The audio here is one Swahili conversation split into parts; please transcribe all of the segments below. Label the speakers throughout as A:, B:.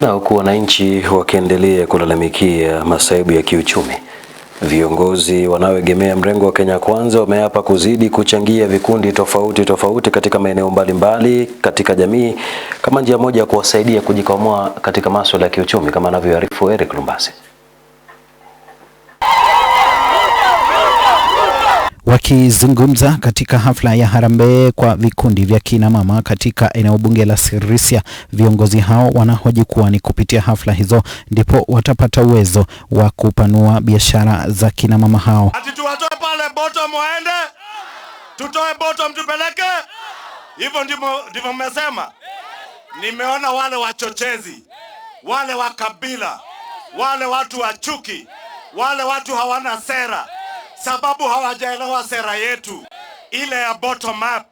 A: Na huku wananchi wakiendelea kulalamikia masaibu ya kiuchumi, viongozi wanaoegemea mrengo wa Kenya Kwanza wameapa kuzidi kuchangia vikundi tofauti tofauti katika maeneo mbalimbali katika jamii kama njia moja ya kuwasaidia kujikwamua katika masuala ya kiuchumi, kama anavyoarifu Eric Lumbasi.
B: Wakizungumza katika hafla ya harambee kwa vikundi vya kina mama katika eneo bunge la Sirisia, viongozi hao wanahoji kuwa ni kupitia hafla hizo ndipo watapata uwezo wa kupanua biashara za kina mama hao.
C: Ati tuwatoe pale bottom waende, tutoe bottom tupeleke, hivyo ndivyo mmesema. Nimeona wale wachochezi, wale wa kabila, wale watu wa chuki, wale watu hawana sera sababu hawajaelewa sera yetu ile ya bottom up.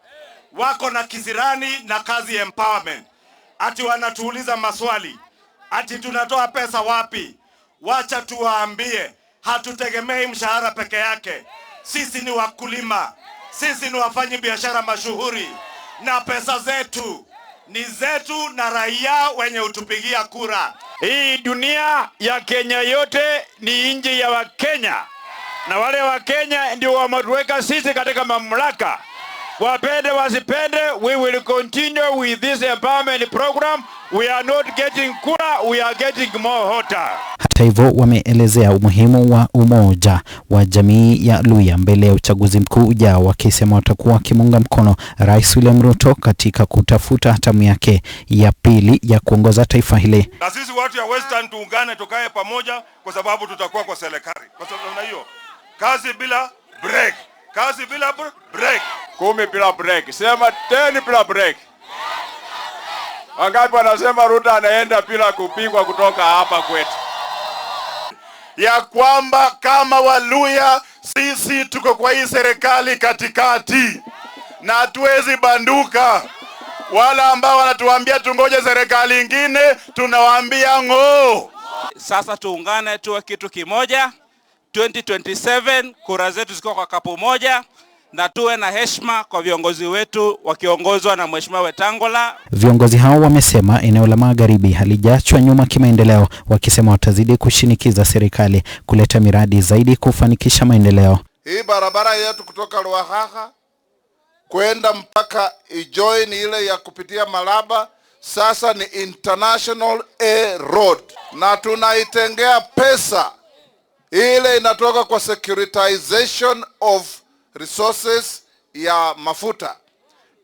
C: Wako na kisirani na kazi empowerment, ati wanatuuliza maswali ati tunatoa pesa wapi? Wacha tuwaambie, hatutegemei mshahara peke yake. Sisi ni wakulima, sisi ni wafanyi biashara mashuhuri, na pesa zetu ni zetu na raia wenye hutupigia kura.
D: Hii dunia ya Kenya yote ni nchi ya Wakenya na wale wa Kenya ndio wametuweka sisi katika mamlaka. Wapende wasipende, we will continue with this empowerment program. We are not getting kura, we are getting more hotter.
B: Hata hivyo wameelezea umuhimu wa umoja wa jamii ya Luya mbele ya uchaguzi mkuu ujao, wakisema watakuwa wakimuunga mkono Rais William Ruto katika kutafuta hatamu yake ya pili ya kuongoza taifa hili.
E: Na sisi watu ya Western tuungane, tukae pamoja, kwa sababu tutakuwa kwa serikali kwa sababu hiyo kazi bila break, kazi bila break,
F: kumi bila break, sema teni bila break. Wangapi wanasema Ruto anaenda bila kupigwa kutoka hapa kwetu,
G: ya kwamba kama Waluya sisi tuko kwa hii serikali katikati na hatuwezi banduka. Wale ambao wanatuambia tungoje serikali ingine, tunawaambia ng'oo.
H: Sasa tuungane tuwe kitu kimoja. 2027 kura zetu ziko kwa kapu moja na tuwe na heshima kwa viongozi wetu wakiongozwa na Mheshimiwa Wetangula.
B: Viongozi hao wamesema eneo la magharibi halijachwa nyuma kimaendeleo, wakisema watazidi kushinikiza serikali kuleta miradi zaidi kufanikisha maendeleo.
I: Hii barabara yetu kutoka Ruahaha kwenda mpaka ijoin ile ya kupitia Malaba sasa ni international A road, na tunaitengea pesa ile inatoka kwa securitization of resources ya mafuta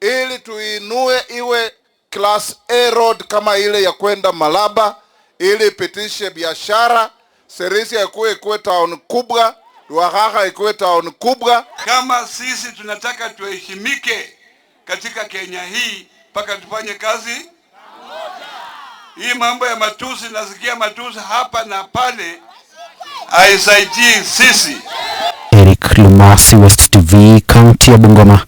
I: ili tuinue iwe class A road kama ile ya kwenda Malaba, ili ipitishe biashara. Serisia ikuwe ikuwe town kubwa, Ruaraka ikuwe town kubwa.
J: Kama sisi tunataka tuheshimike katika Kenya hii, mpaka tufanye kazi hii. Mambo ya matusi, nasikia matusi hapa na pale. ICT sisi.
B: Eric Lumasi, West TV, kaunti ya Bungoma.